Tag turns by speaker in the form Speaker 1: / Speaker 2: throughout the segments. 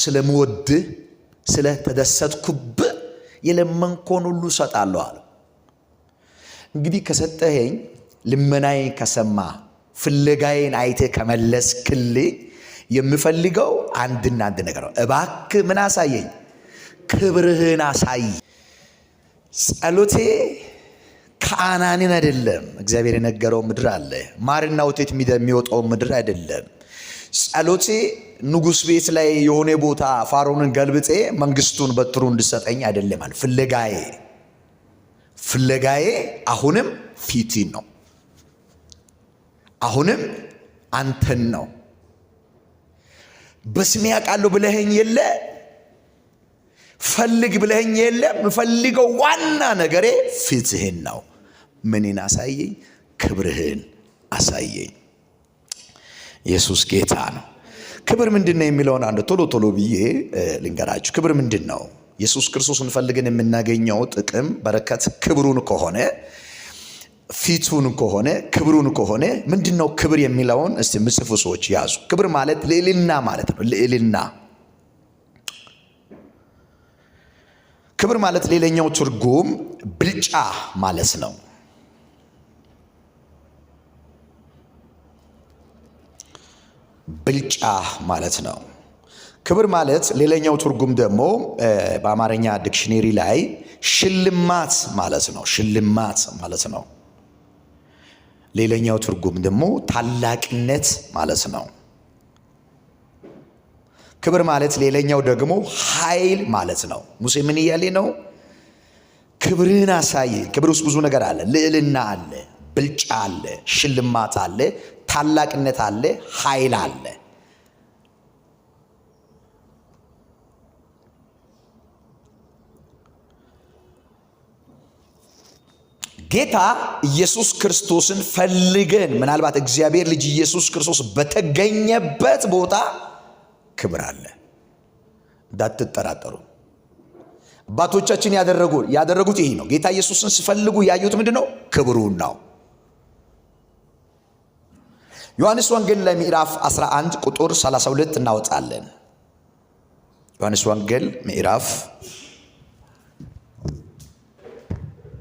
Speaker 1: ስለምወድህ ስለ ተደሰትኩብህ የለመንኮን ሁሉ እሰጣለሁ አለ። እንግዲህ ከሰጠኸኝ፣ ልመናዬን ከሰማ፣ ፍለጋዬን አይተህ ከመለስክልኝ የምፈልገው አንድና አንድ ነገር ነው። እባክህ ምን አሳየኝ? ክብርህን አሳይ። ጸሎቴ ከአናንን አይደለም። እግዚአብሔር የነገረው ምድር አለ። ማርና ውጤት የሚወጣው ምድር አይደለም። ጸሎቴ ንጉሥ ቤት ላይ የሆነ ቦታ ፋሮንን ገልብጤ መንግስቱን በትሩ እንድሰጠኝ አይደለም ፍለጋዬ ፍለጋዬ አሁንም ፊትን ነው፣ አሁንም አንተን ነው። በስሜ አውቃለሁ ብለህኝ የለ ፈልግ ብለህኝ የለ የምፈልገው ዋና ነገሬ ፊትህን ነው። ምንን አሳየኝ? ክብርህን አሳየኝ። ኢየሱስ ጌታ ነው። ክብር ምንድን ነው የሚለውን አንድ ቶሎ ቶሎ ብዬ ልንገራችሁ። ክብር ምንድን ነው? ኢየሱስ ክርስቶስን ፈልገን የምናገኘው ጥቅም፣ በረከት ክብሩን ከሆነ ፊቱን ከሆነ ክብሩን ከሆነ ምንድን ነው ክብር የሚለውን እስቲ ምጽፉ ሰዎች ያዙ። ክብር ማለት ልዕልና ማለት ነው። ልዕልና ክብር ማለት ሌላኛው ትርጉም ብልጫ ማለት ነው። ብልጫ ማለት ነው። ክብር ማለት ሌላኛው ትርጉም ደግሞ በአማርኛ ዲክሽነሪ ላይ ሽልማት ማለት ነው። ሽልማት ማለት ነው። ሌላኛው ትርጉም ደግሞ ታላቅነት ማለት ነው። ክብር ማለት ሌላኛው ደግሞ ኃይል ማለት ነው። ሙሴ ምን እያለ ነው? ክብርን አሳይ። ክብር ውስጥ ብዙ ነገር አለ። ልዕልና አለ፣ ብልጫ አለ፣ ሽልማት አለ፣ ታላቅነት አለ፣ ኃይል አለ። ጌታ ኢየሱስ ክርስቶስን ፈልገን ምናልባት እግዚአብሔር ልጅ ኢየሱስ ክርስቶስ በተገኘበት ቦታ ክብር አለ፣ እንዳትጠራጠሩ። አባቶቻችን ያደረጉት ይህ ነው። ጌታ ኢየሱስን ሲፈልጉ ያዩት ምንድን ነው? ክብሩን ነው። ዮሐንስ ወንጌል ላይ ምዕራፍ 11 ቁጥር 32 እናወጣለን። ዮሐንስ ወንጌል ምዕራፍ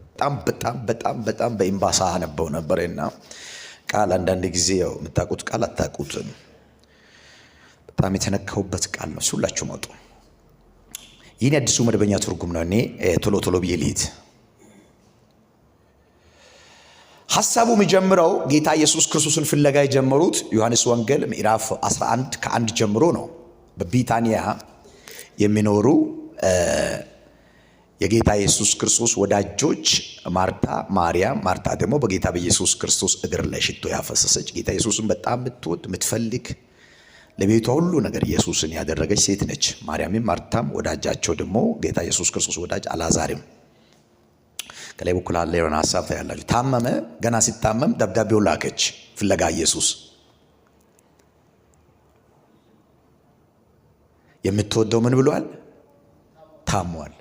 Speaker 1: በጣም በጣም በጣም በጣም በኢምባሳ ነበው ነበረና ቃል አንዳንድ ጊዜ ያው የምታውቁት ቃል አታውቁትም። በጣም የተነካሁበት ቃል ነው። ሁላችሁም አውጡ። ይህን የአዲሱ መደበኛ ትርጉም ነው። እኔ ቶሎ ቶሎ ብዬ ልሂድ ሐሳቡ የሚጀምረው ጌታ ኢየሱስ ክርስቶስን ፍለጋ የጀመሩት ዮሐንስ ወንጌል ምዕራፍ 11 ከአንድ ጀምሮ ነው። በቢታንያ የሚኖሩ የጌታ ኢየሱስ ክርስቶስ ወዳጆች ማርታ፣ ማርያም። ማርታ ደግሞ በጌታ በኢየሱስ ክርስቶስ እግር ላይ ሽቶ ያፈሰሰች ጌታ ኢየሱስን በጣም የምትወድ የምትፈልግ፣ ለቤቷ ሁሉ ነገር ኢየሱስን ያደረገች ሴት ነች። ማርያምም ማርታም ወዳጃቸው ደግሞ ጌታ ኢየሱስ ክርስቶስ ወዳጅ አላዛርም ከላይ በኩል አለ የሆነ ሀሳብ ታያላችሁ። ታመመ። ገና ሲታመም ደብዳቤውን ላከች ፍለጋ ኢየሱስ የምትወደው ምን ብሏል? ታሟል።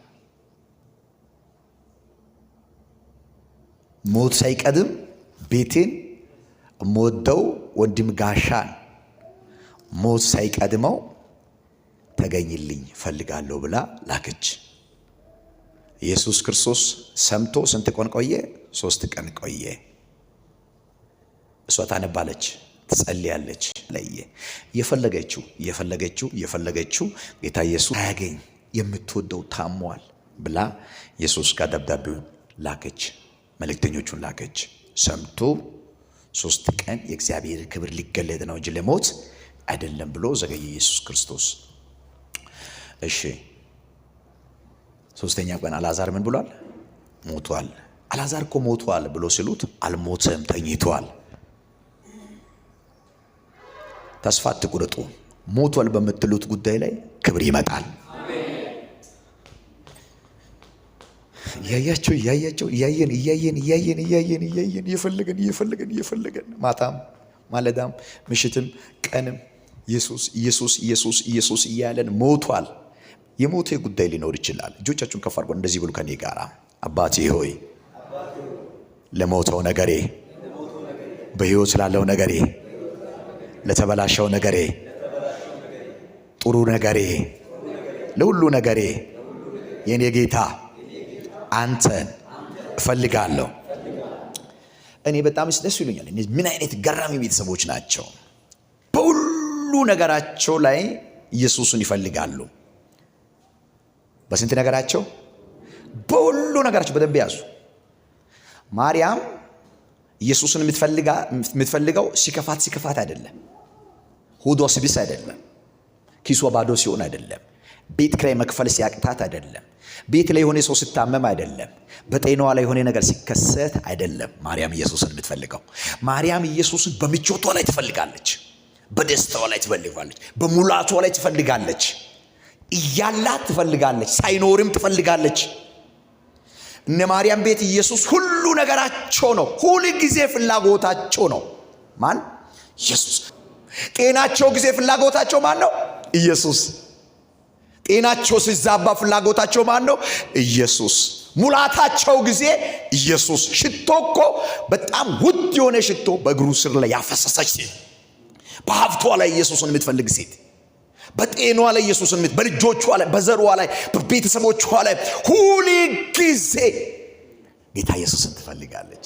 Speaker 1: ሞት ሳይቀድም ቤቴን እምወደው ወንድም ጋሻን ሞት ሳይቀድመው ተገኝልኝ ፈልጋለሁ ብላ ላከች። ኢየሱስ ክርስቶስ ሰምቶ ስንት ቀን ቆየ? ሶስት ቀን ቆየ። እሷ ታነባለች፣ ትጸልያለች፣ ለየ የፈለገችው የፈለገችው የፈለገችው ጌታ ኢየሱስ አያገኝ የምትወደው ታሟል ብላ ኢየሱስ ጋር ደብዳቤውን ላከች፣ መልእክተኞቹን ላከች። ሰምቶ ሶስት ቀን የእግዚአብሔር ክብር ሊገለጥ ነው እንጂ ለሞት አይደለም ብሎ ዘገየ ኢየሱስ ክርስቶስ። እሺ ሶስተኛ ቀን አላዛር ምን ብሏል? ሞቷል። አላዛር እኮ ሞቷል ብሎ ሲሉት አልሞተም፣ ተኝቷል። ተስፋ አትቁረጡ። ሞቷል በምትሉት ጉዳይ ላይ ክብር ይመጣል። እያያቸው እያያቸው እያየን እያየን እያየን እያየን እያየን እየፈለገን እየፈለገን እየፈለገን ማታም ማለዳም ምሽትም ቀንም ኢየሱስ ኢየሱስ ኢየሱስ ኢየሱስ እያለን ሞቷል የሞቴ ጉዳይ ሊኖር ይችላል። እጆቻችሁን ከፍ አድርጎ እንደዚህ ብሉ ከኔ ጋር አባቴ ሆይ ለሞተው ነገሬ፣ በህይወት ስላለው ነገሬ፣ ለተበላሸው ነገሬ፣ ጥሩ ነገሬ፣ ለሁሉ ነገሬ የኔ ጌታ አንተን እፈልጋለሁ። እኔ በጣም ደስ ይሉኛል። ምን አይነት ገራሚ ቤተሰቦች ናቸው! በሁሉ ነገራቸው ላይ ኢየሱስን ይፈልጋሉ። በስንት ነገራቸው? በሁሉ ነገራቸው በደንብ ያዙ። ማርያም ኢየሱስን የምትፈልገው ሲከፋት ሲከፋት አይደለም፣ ሁዶ ሲብስ አይደለም፣ ኪሶ ባዶ ሲሆን አይደለም፣ ቤት ክራይ መክፈል ሲያቅታት አይደለም፣ ቤት ላይ የሆነ ሰው ሲታመም አይደለም፣ በጤናዋ ላይ የሆነ ነገር ሲከሰት አይደለም። ማርያም ኢየሱስን የምትፈልገው ማርያም ኢየሱስን በምቾቷ ላይ ትፈልጋለች፣ በደስታዋ ላይ ትፈልጋለች፣ በሙላቷ ላይ ትፈልጋለች። እያላት ትፈልጋለች፣ ሳይኖርም ትፈልጋለች። እነ ማርያም ቤት ኢየሱስ ሁሉ ነገራቸው ነው። ሁል ጊዜ ፍላጎታቸው ነው። ማን? ኢየሱስ። ጤናቸው ጊዜ ፍላጎታቸው ማን ነው? ኢየሱስ። ጤናቸው ሲዛባ ፍላጎታቸው ማን ነው? ኢየሱስ። ሙላታቸው ጊዜ ኢየሱስ። ሽቶ እኮ በጣም ውድ የሆነ ሽቶ በእግሩ ስር ላይ ያፈሰሰች ሴት፣ በሀብቷ ላይ ኢየሱስን የምትፈልግ ሴት በጤኗ ላይ ኢየሱስ ምት፣ በልጆቿ ላይ፣ በዘሯ ላይ፣ በቤተሰቦቿ ላይ ሁሉ ጊዜ ጌታ ኢየሱስን ትፈልጋለች።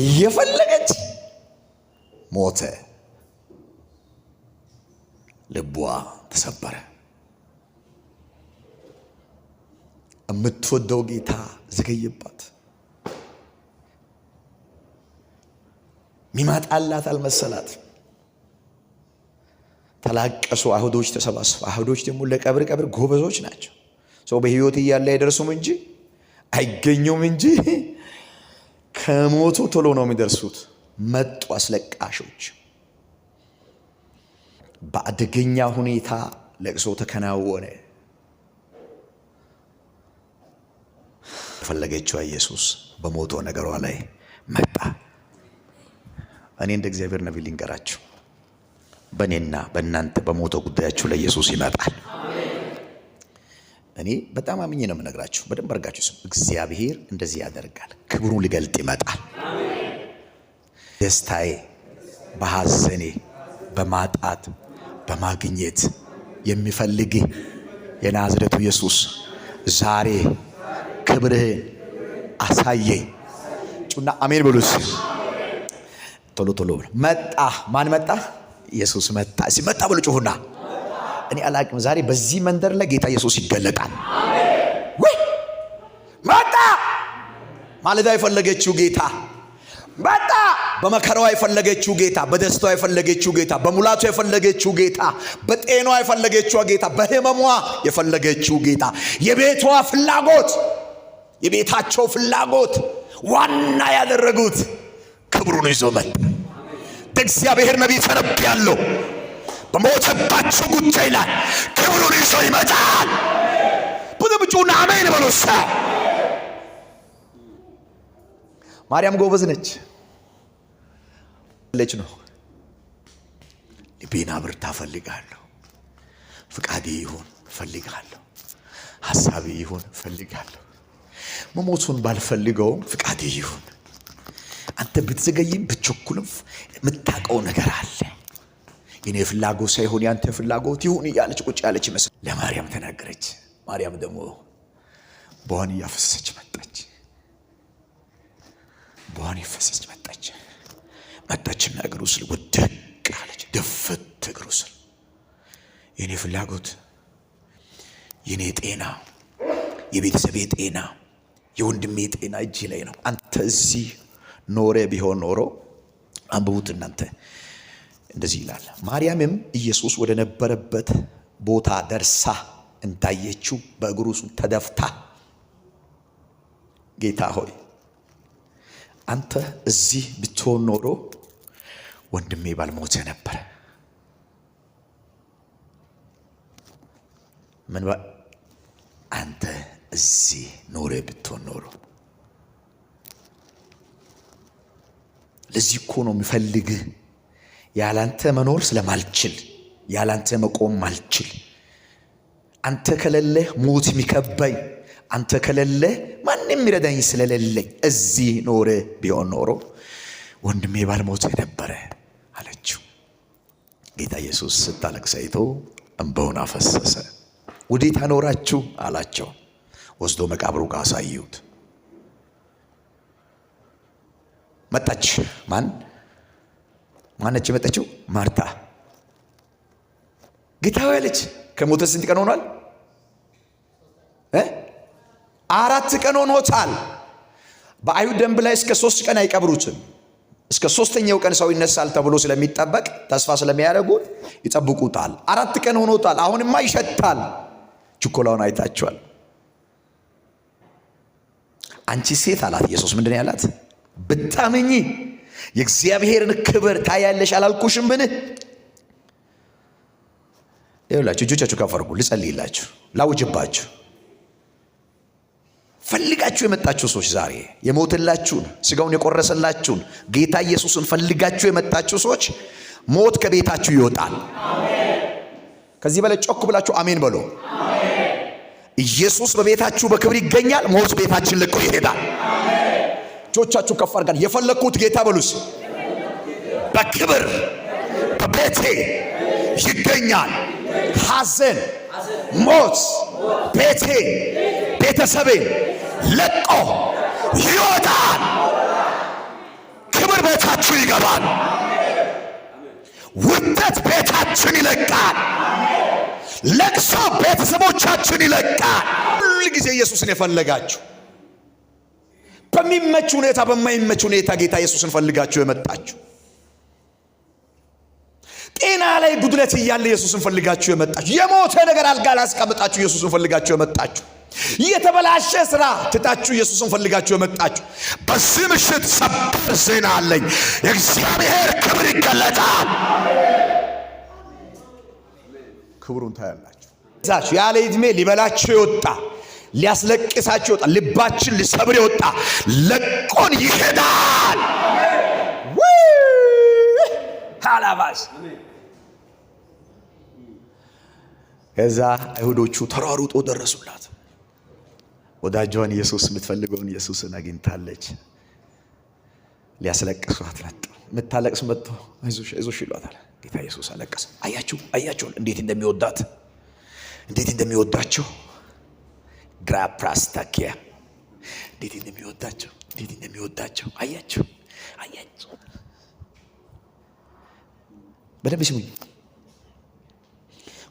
Speaker 1: እየፈለገች ሞተ፣ ልቧ ተሰበረ። የምትወደው ጌታ ዘገየባት። ሚማጣላት አልመሰላት። ተላቀሱ። አህዶች ተሰባስበ አህዶች ደግሞ ለቀብር ቀብር ጎበዞች ናቸው። ሰው በህይወት እያለ አይደርሱም እንጂ አይገኙም እንጂ ከሞቱ ቶሎ ነው የሚደርሱት። መጡ አስለቃሾች። በአደገኛ ሁኔታ ለቅሶ ተከናወነ። ፈለገችዋ ኢየሱስ በሞቶ ነገሯ ላይ መጣ። እኔ እንደ እግዚአብሔር ነቢይ ልንገራችሁ በእኔና በእናንተ በሞተ ጉዳያችሁ ላይ ኢየሱስ ይመጣል። እኔ በጣም አምኜ ነው የምነግራችሁ። በደንብ አድርጋችሁ ስሙ። እግዚአብሔር እንደዚህ ያደርጋል። ክብሩ ሊገልጥ ይመጣል። ደስታዬ በሐዘኔ በማጣት በማግኘት የሚፈልግህ የናዝረቱ ኢየሱስ ዛሬ ክብርህን አሳየኝ። ጩና አሜን ብሉስ ቶሎ ቶሎ መጣ። ማን መጣ? ኢየሱስ መጣ። እስኪ መጣ ብሎ ጩሁና። እኔ አላቅም። ዛሬ በዚህ መንደር ላይ ጌታ ኢየሱስ ይገለጣል። ወይ መጣ ማለዳ የፈለገችው ጌታ መጣ በመከራዋ የፈለገችው ጌታ፣ በደስታዋ የፈለገችው ጌታ፣ በሙላቷ የፈለገችው ጌታ፣ በጤኗ የፈለገችው ጌታ፣ በህመሟ የፈለገችው ጌታ፣ የቤቷ ፍላጎት፣ የቤታቸው ፍላጎት ዋና ያደረጉት ክብሩን ይዞ መጣ። እግዚአብሔር ነቢይ ተነብያለሁ። በሞተባቸው ጉዳይ ላይ ክብሩን ይዞ ይመጣል። ብዙም ጩና አሜን በሉሳ። ማርያም ጎበዝ ነች ለች ነው ልቤና ብርታ ፈልጋለሁ። ፍቃዴ ይሁን ፈልጋለሁ። ሀሳቤ ይሁን ፈልጋለሁ። መሞቱን ባልፈልገውም ፍቃዴ ይሁን አንተ ብትዘገይም ብትቸኩልም የምታውቀው ነገር አለ። የኔ ፍላጎት ሳይሆን ያንተ ፍላጎት ይሁን እያለች ቁጭ ያለች ይመስል ለማርያም ተናገረች። ማርያም ደግሞ በዋን እያፈሰሰች መጣች። በዋን እያፈሰሰች መጣች። መጣችና እግሩ ስል ወደቅ አለች። ደፈት እግሩ ስል የኔ ፍላጎት፣ የኔ ጤና፣ የቤተሰቤ ጤና፣ የወንድሜ ጤና እጅ ላይ ነው። አንተ እዚህ ኖሬ ቢሆን ኖሮ አንብቡት እናንተ። እንደዚህ ይላል። ማርያምም ኢየሱስ ወደ ነበረበት ቦታ ደርሳ እንዳየችው በእግሩ ተደፍታ ጌታ ሆይ አንተ እዚህ ብትሆን ኖሮ ወንድሜ ባልሞተ ነበር። ምን አንተ እዚህ ኖሬ ብትሆን ኖሮ ለዚህ እኮ ነው የሚፈልግህ። ያላንተ መኖር ስለማልችል፣ ያላንተ መቆም ማልችል፣ አንተ ከሌለህ ሞት የሚከባኝ፣ አንተ ከሌለህ ማንም የሚረዳኝ ስለሌለኝ እዚህ ኖረ ቢሆን ኖሮ ወንድሜ ባልሞት ነበረ አለችው። ጌታ ኢየሱስ ስታለቅስ አይቶ እንባውን አፈሰሰ። ወዴት አኖራችሁ አላቸው። ወስዶ መቃብሩ ጋር አሳዩት። መጣች። ማን ማነች የመጣችው? ማርታ። ጌታ ያለች ከሞተ ስንት ቀን ሆኗል? አራት ቀን ሆኖታል። በአይሁድ ደንብ ላይ እስከ ሶስት ቀን አይቀብሩትም። እስከ ሶስተኛው ቀን ሰው ይነሳል ተብሎ ስለሚጠበቅ ተስፋ ስለሚያደርጉ ይጠብቁታል። አራት ቀን ሆኖታል። አሁንማ ይሸታል። ችኮላውን አይታችኋል። አንቺ ሴት አላት ኢየሱስ። ምንድን ያላት ብታምኚ የእግዚአብሔርን ክብር ታያለሽ አላልኩሽም? ብን ይላችሁ እጆቻችሁ ካፈርጉ ልጸልይላችሁ፣ ላውጅባችሁ። ፈልጋችሁ የመጣችሁ ሰዎች ዛሬ የሞትላችሁን ስጋውን የቆረሰላችሁን ጌታ ኢየሱስን ፈልጋችሁ የመጣችሁ ሰዎች ሞት ከቤታችሁ ይወጣል። ከዚህ በላይ ጮክ ብላችሁ አሜን በሎ። ኢየሱስ በቤታችሁ በክብር ይገኛል። ሞት ቤታችን ልቆ ይሄዳል። እጆቻችሁ ከፍ የፈለኩት የፈለግኩት ጌታ በሉስ በክብር በቤቴ ይገኛል። ሐዘን፣ ሞት ቤቴ ቤተሰቤ ለቆ ይወጣል። ክብር ቤታችሁ ይገባል። ውደት ቤታችን ይለቃል። ለቅሶ ቤተሰቦቻችን ይለቃል። ሁል ጊዜ ኢየሱስን የፈለጋችሁ በሚመች ሁኔታ፣ በማይመች ሁኔታ ጌታ ኢየሱስን ፈልጋችሁ የመጣችሁ ጤና ላይ ጉድለት እያለ ኢየሱስን ፈልጋችሁ የመጣችሁ የሞተ ነገር አልጋ ላይ አስቀምጣችሁ ኢየሱስን ፈልጋችሁ የመጣችሁ የተበላሸ ስራ ትታችሁ ኢየሱስን ፈልጋችሁ የመጣችሁ በዚህ ምሽት ሰበር ዜና አለኝ። የእግዚአብሔር ክብር ይገለጣል። ክብሩን ታያላችሁ። ያለ ዕድሜ ሊበላችሁ የወጣ ሊያስለቅሳቸው ይወጣል። ልባችን ሊሰብር ይወጣ። ለቆን ይሄዳል። አላባስ ከዛ አይሁዶቹ ተሯሩጦ ደረሱላት። ወዳጇን ኢየሱስ የምትፈልገውን ኢየሱስን አግኝታለች። ሊያስለቅሷት መጡ። የምታለቅስ መጥቶ አይዞሽ ይሏታል። ጌታ ኢየሱስ አለቀሰ። አያችሁ አያችሁን እንዴት እንደሚወዳት እንዴት እንደሚወዳቸው ግራፕራስታኪያ እንዴት እንደሚወዳቸው እንዴት እንደሚወዳቸው አያቸው አያቸው። በደንብ ስሙኝ።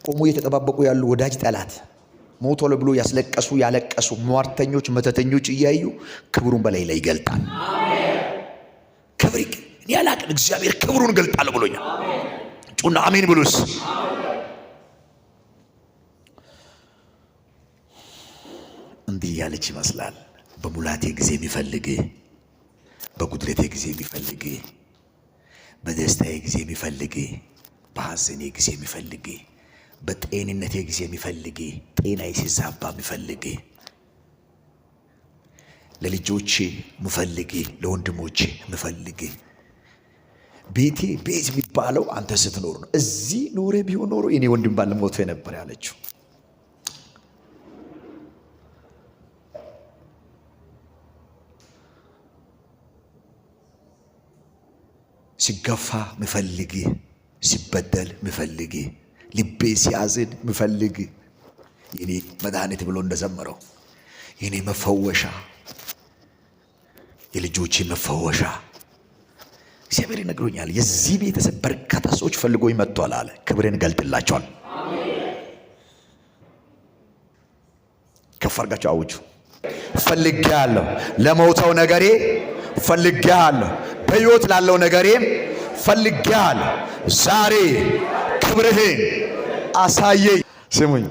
Speaker 1: ቆሞ እየተጠባበቁ ያሉ ወዳጅ ጠላት ሞቶል ብሎ ያስለቀሱ ያለቀሱ ሟርተኞች፣ መተተኞች እያዩ ክብሩን በላይ ላይ ይገልጣል። ክብር እኔ አላቅም። እግዚአብሔር ክብሩን ገልጣለሁ ብሎኛል። ጩና አሜን ብሉስ እንዲህ እያለች ይመስላል። በሙላቴ ጊዜ የሚፈልግ፣ በጉድለቴ ጊዜ የሚፈልግ፣ በደስታዬ ጊዜ የሚፈልግ፣ በሐዘኔ ጊዜ የሚፈልግ፣ በጤንነቴ ጊዜ የሚፈልግ፣ ጤናዬ ሲዛባ የሚፈልግ፣ ለልጆች ምፈልግ ለወንድሞች ምፈልግ ቤቴ ቤት የሚባለው አንተ ስትኖር ነው። እዚህ ኖሬ ቢሆን ኖሮ የኔ ወንድም ባልሞቶ የነበር ያለችው ሲገፋ ምፈልግ፣ ሲበደል ምፈልግ፣ ልቤ ሲያዝን ምፈልግ የኔ መድኃኒት ብሎ እንደዘመረው የኔ መፈወሻ፣ የልጆቼ መፈወሻ እግዚአብሔር ይነግሮኛል። የዚህ ቤተሰብ በርካታ ሰዎች ፈልጎኝ መጥቷል አለ። ክብሬን ገልጥላቸዋል። ከፍ አድርጋቸው አውጁ። ፈልጌ አለሁ ለመውተው ነገሬ ፈልጌ አለሁ በሕይወት ላለው ነገሬ ፈልጌሃል። ዛሬ ክብርህን አሳየኝ። ስሙኝ፣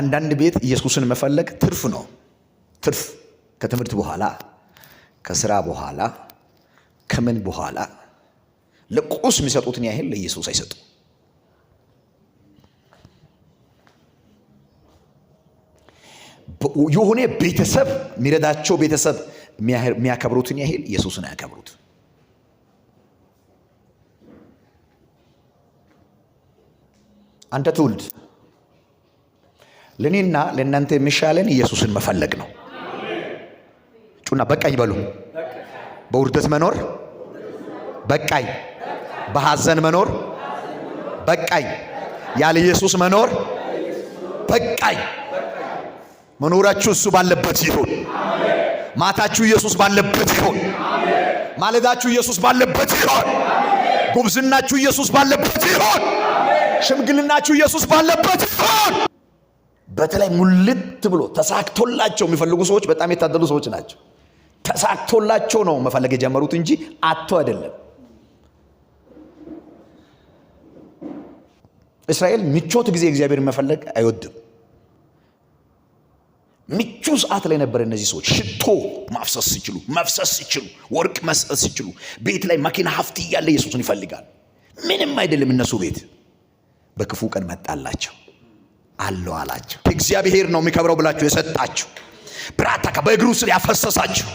Speaker 1: አንዳንድ ቤት ኢየሱስን መፈለግ ትርፍ ነው። ትርፍ ከትምህርት በኋላ ከስራ በኋላ ከምን በኋላ ለቁስ የሚሰጡትን ያህል ለኢየሱስ አይሰጡም። የሆነ ቤተሰብ የሚረዳቸው ቤተሰብ የሚያከብሩትን ያህል ኢየሱስን አያከብሩት። አንተ ትውልድ ለእኔና ለእናንተ የሚሻለን ኢየሱስን መፈለግ ነው። ጩና በቃኝ በሉ። በውርደት መኖር በቃኝ፣ በሐዘን መኖር በቃኝ፣ ያለ ኢየሱስ መኖር በቃኝ። መኖራችሁ እሱ ባለበት ይሁን። ማታችሁ ኢየሱስ ባለበት ይሁን። ማለዳችሁ ኢየሱስ ባለበት ይሆን። ጉብዝናችሁ ኢየሱስ ባለበት ይሆን። ሽምግልናችሁ ኢየሱስ ባለበት ይሆን። በተለይ ሙልት ብሎ ተሳክቶላቸው የሚፈልጉ ሰዎች በጣም የታደሉ ሰዎች ናቸው። ተሳክቶላቸው ነው መፈለግ የጀመሩት እንጂ አቶ አይደለም። እስራኤል ምቾት ጊዜ እግዚአብሔር መፈለግ አይወድም። ምቹ ሰዓት ላይ ነበር። እነዚህ ሰዎች ሽቶ ማፍሰስ ሲችሉ መፍሰስ ሲችሉ ወርቅ መስጠት ሲችሉ ቤት ላይ መኪና ሀብት እያለ ኢየሱስን ይፈልጋል። ምንም አይደለም እነሱ ቤት። በክፉ ቀን መጣላቸው አለው አላቸው። እግዚአብሔር ነው የሚከብረው ብላችሁ የሰጣችሁ ብራታካ በእግሩ ስር ያፈሰሳችሁ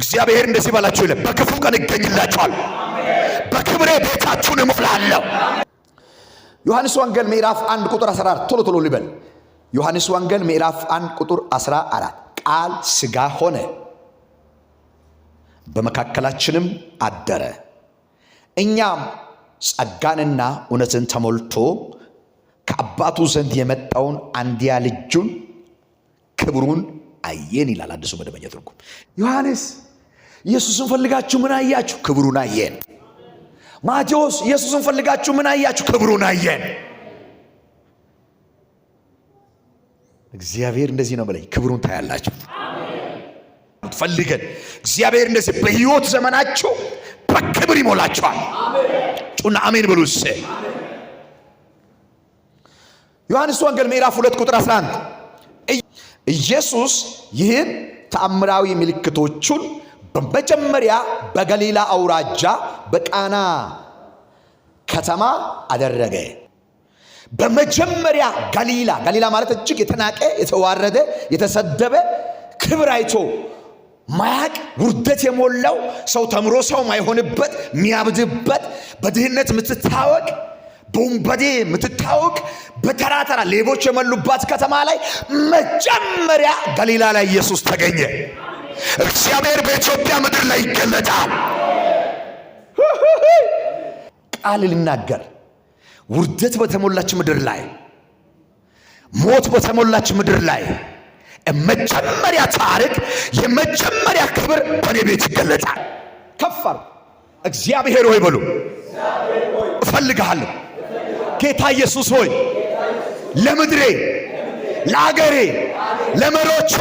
Speaker 1: እግዚአብሔር እንደዚህ ባላችሁ ይለ በክፉ ቀን ይገኝላችኋል። በክብሬ ቤታችሁን እሞላለሁ። ዮሐንስ ወንጌል ምዕራፍ አንድ ቁጥር 14 ቶሎ ቶሎ ሊበል ዮሐንስ ወንጌል ምዕራፍ 1 ቁጥር 14 ቃል ስጋ ሆነ በመካከላችንም አደረ እኛም ጸጋንና እውነትን ተሞልቶ ከአባቱ ዘንድ የመጣውን አንድያ ልጁን ክብሩን አየን ይላል አዲሱ መደበኛ ትርጉም። ዮሐንስ ኢየሱስን ፈልጋችሁ ምን አያችሁ? ክብሩን አየን። ማቴዎስ ኢየሱስን ፈልጋችሁ ምን አያችሁ? ክብሩን አየን። እግዚአብሔር እንደዚህ ነው በለኝ። ክብሩን ታያላችሁ። ፈልገን እግዚአብሔር እንደዚህ በህይወት ዘመናችሁ በክብር ይሞላችኋል። ጩና አሜን ብሉስ። ዮሐንስ ወንጌል ምዕራፍ ሁለት ቁጥር 11 ኢየሱስ ይህን ተአምራዊ ምልክቶቹን በመጀመሪያ በገሊላ አውራጃ በቃና ከተማ አደረገ። በመጀመሪያ ገሊላ ገሊላ ማለት እጅግ የተናቀ የተዋረደ የተሰደበ ክብር አይቶ ማያቅ ውርደት የሞላው ሰው ተምሮ ሰው ማይሆንበት የሚያብድበት በድህነት የምትታወቅ በወንበዴ የምትታወቅ በተራ ተራ ሌቦች የሞሉባት ከተማ ላይ መጀመሪያ ገሊላ ላይ ኢየሱስ ተገኘ። እግዚአብሔር በኢትዮጵያ ምድር ላይ ይገለጣል። ቃል ልናገር ውርደት በተሞላች ምድር ላይ ሞት በተሞላች ምድር ላይ የመጀመሪያ ታሪክ የመጀመሪያ ክብር በእኔ ቤት ይገለጣል። ከፈር እግዚአብሔር ሆይ በሉ፣ እፈልግሃለሁ። ጌታ ኢየሱስ ሆይ ለምድሬ፣ ለአገሬ፣ ለመሪዎቿ፣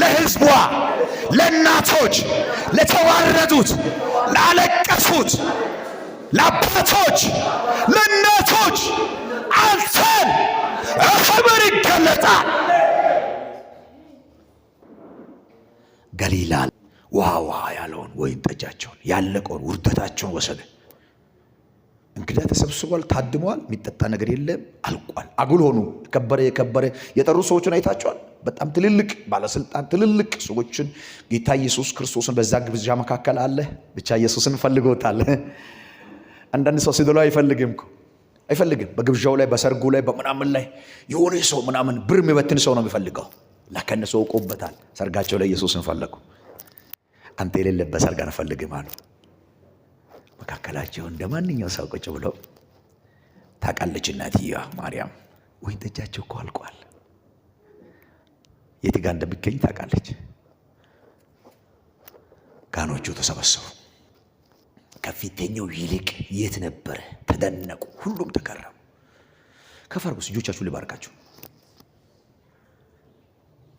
Speaker 1: ለሕዝቧ፣ ለእናቶች፣ ለተዋረዱት፣ ላለቀሱት ለአባቶች ለእናቶች አንተን ክብር ይገለጣል። ገሊላ ውሃ ውሃ ያለውን ወይን ጠጃቸውን ያለቀውን ውርደታቸውን ወሰደ። እንግዳ ተሰብስቧል፣ ታድመዋል፣ የሚጠጣ ነገር የለም፣ አልቋል። አጉል ሆኑ። የከበረ የከበረ የጠሩ ሰዎችን አይታቸዋል። በጣም ትልልቅ ባለስልጣን ትልልቅ ሰዎችን ጌታ ኢየሱስ ክርስቶስን በዛ ግብዣ መካከል አለ። ብቻ ኢየሱስን ፈልጎታል። አንዳንድ ሰው ሲድለው አይፈልግም እኮ አይፈልግም። በግብዣው ላይ በሰርጉ ላይ በምናምን ላይ የሆነ ሰው ምናምን ብር የሚበትን ሰው ነው የሚፈልገው። ላከነ ሰው ቆበታል። ሰርጋቸው ላይ ኢየሱስን ፈለጉ። አንተ የሌለበት ሰርግ አንፈልግም አሉ። መካከላቸው እንደ ማንኛው ሰው ቁጭ ብለው ታውቃለች እናትየዋ ማርያም፣ ወይን ጠጃቸው እኮ አልቋል። የት እንደሚገኝ ታውቃለች። ጋኖቹ ተሰበሰቡ። ከፊተኛው ይልቅ የት ነበረ? ተደነቁ፣ ሁሉም ተገረሙ። ከፈርጉስ አድርጉ፣ እጆቻችሁ ልባርካችሁ።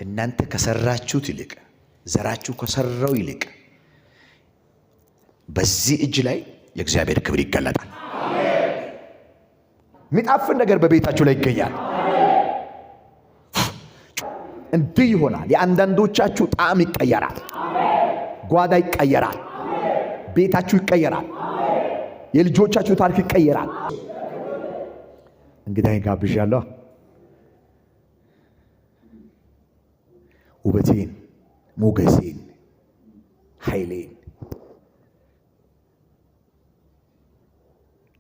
Speaker 1: እናንተ ከሰራችሁት ይልቅ ዘራችሁ ከሰራው ይልቅ በዚህ እጅ ላይ የእግዚአብሔር ክብር ይገለጣል። የሚጣፍን ነገር በቤታችሁ ላይ ይገኛል። እንዲህ ይሆናል። የአንዳንዶቻችሁ ጣዕም ይቀየራል፣ ጓዳ ይቀየራል። ቤታችሁ ይቀየራል። የልጆቻችሁ ታሪክ ይቀየራል። እንግዲህ ጋብዣለሁ። ውበቴን፣ ሞገሴን፣ ኃይሌን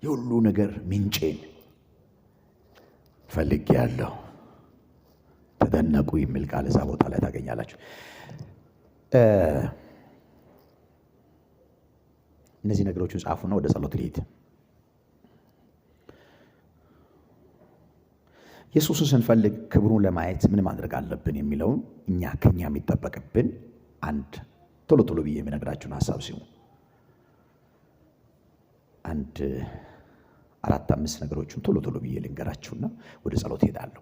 Speaker 1: የሁሉ ነገር ምንጬን ፈልጌያለሁ። ተደነቁ የሚል ቃል እዛ ቦታ ላይ ታገኛላችሁ። እነዚህ ነገሮችን ጻፉና ወደ ጸሎት ልሂድ። ኢየሱስን ስንፈልግ ክብሩን ለማየት ምን ማድረግ አለብን የሚለውን እኛ ከኛ የሚጠበቅብን አንድ ቶሎ ቶሎ ብዬ የሚነግራችሁን ሀሳብ ሲሆን አንድ አራት አምስት ነገሮችን ቶሎ ቶሎ ብዬ ልንገራችሁና ወደ ጸሎት ሄዳለሁ።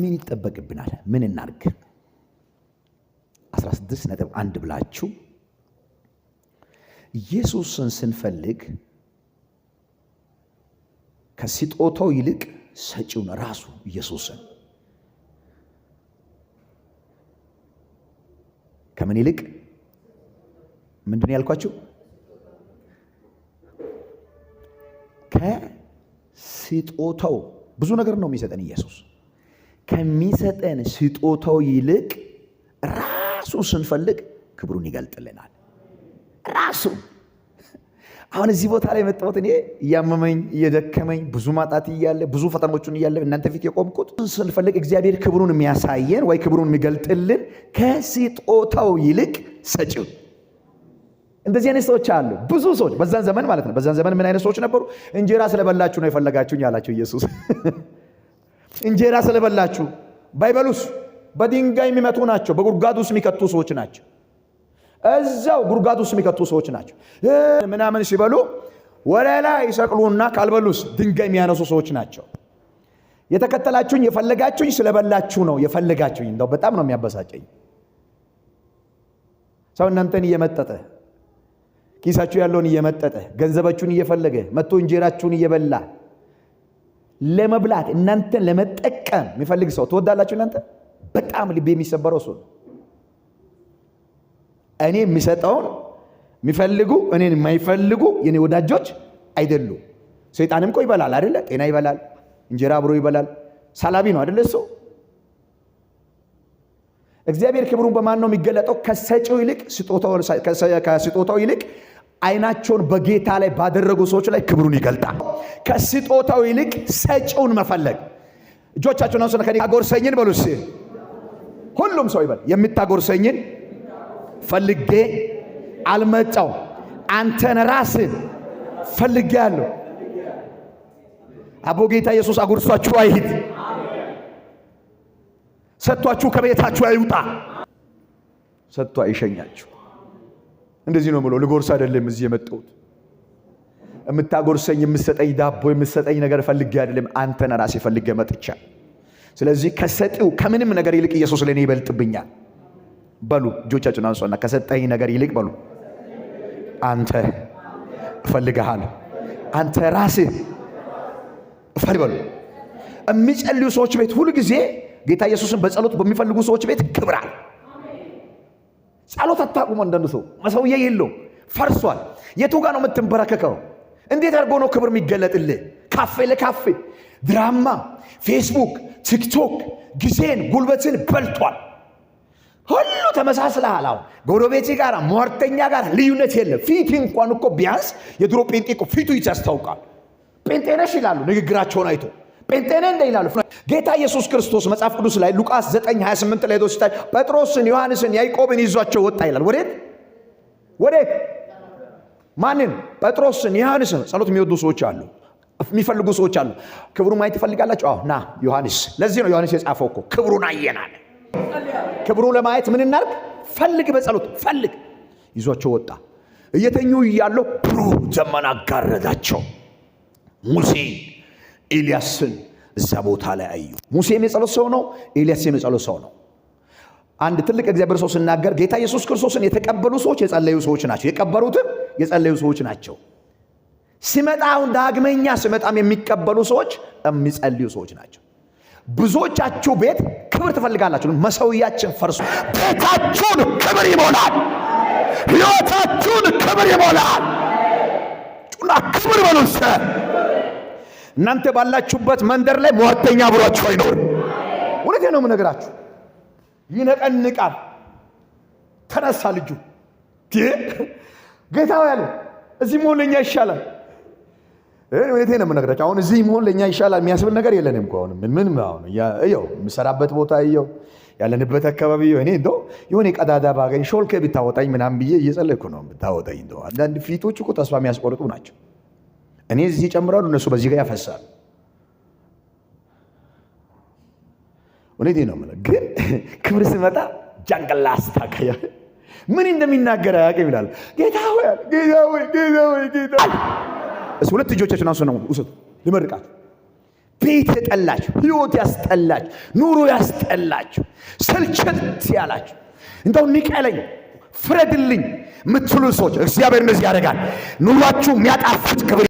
Speaker 1: ምን ይጠበቅብናል? ምን እናርግ? 16 ነጥብ አንድ ብላችሁ ኢየሱስን ስንፈልግ ከስጦታው ይልቅ ሰጪውን ራሱ ኢየሱስን ከምን ይልቅ ምንድን ያልኳችሁ? ከስጦታው ብዙ ነገር ነው የሚሰጠን ኢየሱስ። ከሚሰጠን ስጦታው ይልቅ ራሱ ስንፈልግ ክብሩን ይገልጥልናል። ራሱ አሁን እዚህ ቦታ ላይ መጣሁት እኔ እያመመኝ እየደከመኝ ብዙ ማጣት እያለ ብዙ ፈተናዎቹን እያለ እናንተ ፊት የቆምኩት ስንፈልግ እግዚአብሔር ክብሩን የሚያሳየን ወይ ክብሩን የሚገልጥልን ከስጦታው ይልቅ ሰጪው። እንደዚህ አይነት ሰዎች አሉ፣ ብዙ ሰዎች በዛን ዘመን ማለት ነው። በዛን ዘመን ምን አይነት ሰዎች ነበሩ? እንጀራ ስለበላችሁ ነው የፈለጋችሁኝ ያላቸው ኢየሱስ። እንጀራ ስለበላችሁ ባይበሉስ፣ በድንጋይ የሚመቱ ናቸው፣ በጉድጓድ ውስጥ የሚከቱ ሰዎች ናቸው። እዛው ጉድጓድ ውስጥ የሚከቱ ሰዎች ናቸው። ምናምን ሲበሉ ወደ ላይ ይሰቅሉና ካልበሉስ ድንጋይ የሚያነሱ ሰዎች ናቸው። የተከተላችሁኝ የፈለጋችሁኝ ስለበላችሁ ነው የፈለጋችሁኝ። እንደው በጣም ነው የሚያበሳጨኝ ሰው እናንተን እየመጠጠ ኪሳችሁ ያለውን እየመጠጠ ገንዘባችሁን እየፈለገ መጥቶ እንጀራችሁን እየበላ ለመብላት እናንተን ለመጠቀም የሚፈልግ ሰው ትወዳላችሁ እናንተ? በጣም ልቤ የሚሰበረው እሱ ነው። እኔ የሚሰጠውን የሚፈልጉ እኔን የማይፈልጉ የኔ ወዳጆች አይደሉ ሰይጣንም እኮ ይበላል አይደለ? ጤና ይበላል፣ እንጀራ አብሮ ይበላል። ሳላቢ ነው አይደለ? እሱ እግዚአብሔር ክብሩን በማን ነው የሚገለጠው? ከሰጪው ይልቅ ከስጦታው ይልቅ አይናቸውን በጌታ ላይ ባደረጉ ሰዎች ላይ ክብሩን ይገልጣል። ከስጦታው ይልቅ ሰጪውን መፈለግ። እጆቻችሁን አንሱና ከኔ ታጎርሰኝን ሁሉም ሰው ይበል የምታጎርሰኝን ፈልጌ አልመጣው አንተን ራስህ ፈልጌ አለሁ። አቦ ጌታ ኢየሱስ አጉርሷችሁ አይሂድ፣ ሰጥቷችሁ ከቤታችሁ አይውጣ። ሰጥቶ ይሸኛችሁ። እንደዚህ ነው ብሎ ልጎርስ አይደለም እዚህ የመጣሁት የምታጎርሰኝ የምሰጠኝ ዳቦ የምሰጠኝ ነገር ፈልጌ አይደለም፣ አንተን ራሴ ፈልጌ መጥቻ። ስለዚህ ከሰጢው ከምንም ነገር ይልቅ ኢየሱስ ለእኔ ይበልጥብኛል። በሉ እጆቻችሁን አንሷና ከሰጠኝ ነገር ይልቅ በሉ አንተ እፈልግሃል፣ አንተ ራስህ እፈል በሉ። የሚጸልዩ ሰዎች ቤት ሁል ጊዜ ጌታ ኢየሱስን በጸሎት በሚፈልጉ ሰዎች ቤት ክብራል። ጸሎት አታቁሞ አንዳንዱ ሰው መሰውዬ የለውም ፈርሷል። የቱ ጋር ነው የምትንበረከከው? እንዴት አድርጎ ነው ክብር የሚገለጥልህ? ካፌ ለካፌ ድራማ፣ ፌስቡክ፣ ቲክቶክ ጊዜን ጉልበትን በልቷል። ሁሉ ተመሳስለሃል። አሁን ጎረቤቴ ጋር ሟርተኛ ጋር ልዩነት የለም። ፊት እንኳን እኮ ቢያንስ የድሮ ጴንጤ እኮ ፊቱ ያስታውቃል። ጴንጤነሽ ይላሉ ንግግራቸውን አይቶ ጴንጤነ እንደ ይላሉ። ጌታ ኢየሱስ ክርስቶስ መጽሐፍ ቅዱስ ላይ ሉቃስ 9 28 ላይ ሄዶ ሲታይ ጴጥሮስን፣ ዮሐንስን፣ ያዕቆብን ይዟቸው ወጣ ይላል። ወዴት ወዴት? ማንን? ጴጥሮስን፣ ዮሐንስን። ጸሎት የሚወዱ ሰዎች አሉ፣ የሚፈልጉ ሰዎች አሉ። ክብሩ ማየት ይፈልጋላቸው። አዎ ና ዮሐንስ። ለዚህ ነው ዮሐንስ የጻፈው እኮ ክብሩን አየናል ክብሩ ለማየት ምን እናርግ? ፈልግ፣ በጸሎት ፈልግ። ይዟቸው ወጣ። እየተኙ እያለው ብሩህ ደመና ጋረዳቸው። ሙሴ ኤልያስን እዛ ቦታ ላይ አዩ። ሙሴም የጸሎት ሰው ነው፣ ኤልያስም የጸሎት ሰው ነው። አንድ ትልቅ እግዚአብሔር ሰው ስናገር ጌታ ኢየሱስ ክርስቶስን የተቀበሉ ሰዎች የጸለዩ ሰዎች ናቸው፣ የቀበሩትም የጸለዩ ሰዎች ናቸው። ሲመጣ አሁን ዳግመኛ ሲመጣም የሚቀበሉ ሰዎች የሚጸልዩ ሰዎች ናቸው። ብዙዎቻችሁ ቤት ክብር ትፈልጋላችሁ። መሰውያችን ፈርሶ ቤታችሁን ክብር ይሞላል። ሕይወታችሁን ክብር ይሞላል። ጩና ክብር በሉስ እናንተ ባላችሁበት መንደር ላይ ሟርተኛ አብሯችሁ አይኖር። እውነቴ ነው የምነግራችሁ። ይነቀንቃል። ተነሳ ልጁ ጌታው ያለ እዚህ መሆን ይሻላል። እውነቴ ነው የምነግራቸው። አሁን እዚህ መሆን ለእኛ ይሻላል የሚያስብል ነገር የለንም ሁን አሁን ምን አሁን እየው የምሰራበት ቦታ እየው ያለንበት አካባቢ እኔ እንደው የሆነ ቀዳዳ ባገኝ ሾልከ ብታወጣኝ ምናምን ብዬ እየጸለኩ ነው። ብታወጣኝ እንደው አንዳንድ ፊቶች እኮ ተስፋ የሚያስቆርጡ ናቸው። እኔ እዚህ ይጨምራሉ፣ እነሱ በዚህ ጋር ያፈሳሉ። እውነቴ ነው የምልህ። ግን ክብር ስመጣ ጃንቅላ አስታካያ ምን እንደሚናገር አያውቅም ይላል። ጌታ ሆይ ጌታ ሆይ ጌታ ሆይ ጌታ እስ ሁለት እጆቻችሁን አንሱ ነው ውሰዱ። ልመርቃችሁ ቤት የጠላችሁ፣ ህይወት ያስጠላችሁ፣ ኑሮ ያስጠላችሁ፣ ሰልቸት ያላችሁ እንደው ንቀለኝ ፍረድልኝ ምትሉ ሰዎች እግዚአብሔር እንደዚህ ያደርጋል። ኑሯችሁ የሚያጣፍጥ ክብር